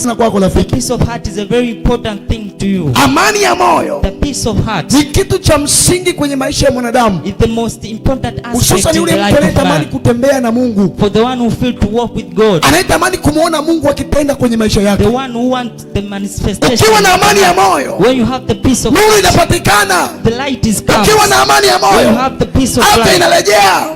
sana kwako rafiki. Peace of heart is a very important thing to you. Amani ya moyo. The peace of heart. Ni kitu cha msingi kwenye maisha ya mwanadamu. It's the most important aspect. Hususan yule mtu anayetamani kutembea na Mungu. For the one who feel to walk with God. Anayetamani kumuona Mungu akitenda kwenye maisha yake. The one who want the manifestation. Ukiwa na amani ya moyo. When you have the peace of heart. Nuru inapatikana. The light is come. Ukiwa na amani ya moyo. When you have the peace of heart. Afya inarejea.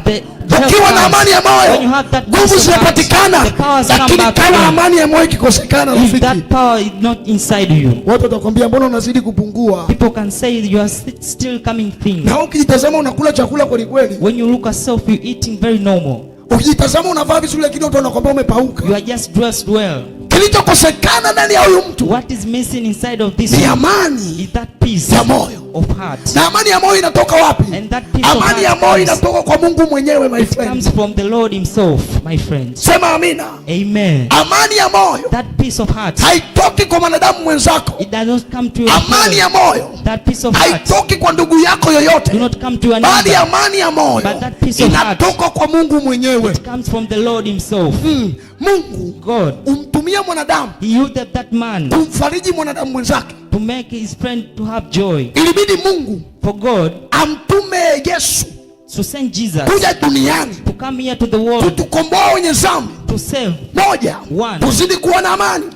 Ukiwa na amani ya moyo. When you have that Nguvu zinapatikana. Lakini kama amani ya moyo ikikosekana that power is not inside you. Watu watakwambia mbona unazidi kupungua? People can say you are still coming thin. Na ukijitazama unakula chakula kweli kweli. When you look at yourself you eating very normal. Ukijitazama unavaa vizuri lakini watu wanakwambia umepauka. You are just dressed well kilichokosekana ndani ya huyu mtu what is missing inside of this ni amani ya moyo of heart. Na amani ya moyo inatoka wapi? Amani ya moyo inatoka kwa Mungu mwenyewe my friend. Comes from the Lord himself, my friend. Sema amina. Amen. Amani ya moyo. That peace of heart. Haitoki kwa mwanadamu mwenzako. It does not come to your amani ya moyo. That peace of heart. Haitoki kwa ndugu yako yoyote. Do not come to your neighbor. Bali amani ya moyo. But that peace of heart. Inatoka kwa Mungu mwenyewe. It comes from the Lord himself. Mm. Mungu. God. Um kumtumia mwanadamu, he used that, man kumfariji mwanadamu mwenzake, to make his friend to have joy. Ilibidi Mungu for God amtume Yesu to send Jesus kuja duniani to come here to the world wenye to save moja, kuzidi kuwa na amani.